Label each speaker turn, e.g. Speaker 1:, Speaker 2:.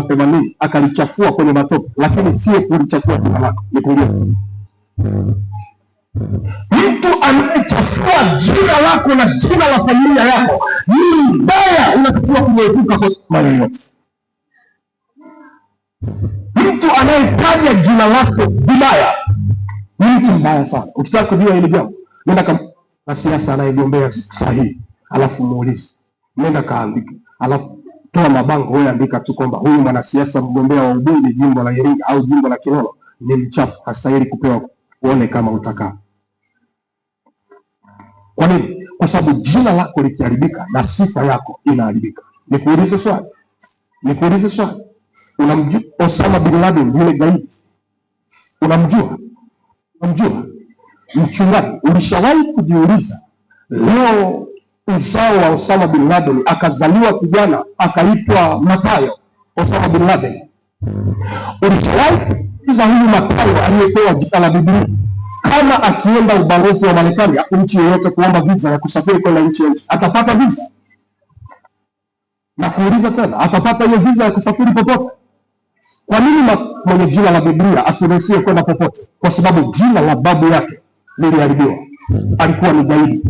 Speaker 1: mapema akalichafua kwenye matope, lakini sio kulichafua jina lako, ni kulia. Mtu anayechafua jina lako na jina la familia yako ni mbaya, unatakiwa kuepuka kwa mara yote. Mtu anayetaja jina lako vibaya ni mtu mbaya sana. Ukitaka kujua hili jambo, nenda na siasa anayegombea sahihi, alafu muulize, nenda kaandike, alafu toa mabango wewe, andika tu kwamba huyu mwanasiasa mgombea wa ubunge jimbo la Iringa au jimbo la Kilolo ni mchafu, hastahili kupewa, uone kama utakaa. Kwa nini? Kwa sababu jina lako likiharibika na sifa yako inaharibika. Nikuulize swali, nikuulize swali, unamjua Osama bin Laden yule gaidi? Unamjua? Unamjua mchungaji? Ulishawahi kujiuliza leo uzao wa Osama bin Laden, akazaliwa kijana akaitwa Matayo Osama bin Laden. Ulishawahi kuuliza huyu Matayo aliyepewa jina la Biblia kama akienda ubalozi wa Marekani au nchi yoyote kuomba visa ya kusafiri kwenda nchi yoyote atapata visa? Na kuuliza tena, atapata hiyo visa ya kusafiri popote? Kwa nini mwenye jina la Biblia asiruhusiwe kwenda popote? Kwa sababu jina la babu yake liliharibiwa, alikuwa ni gaidi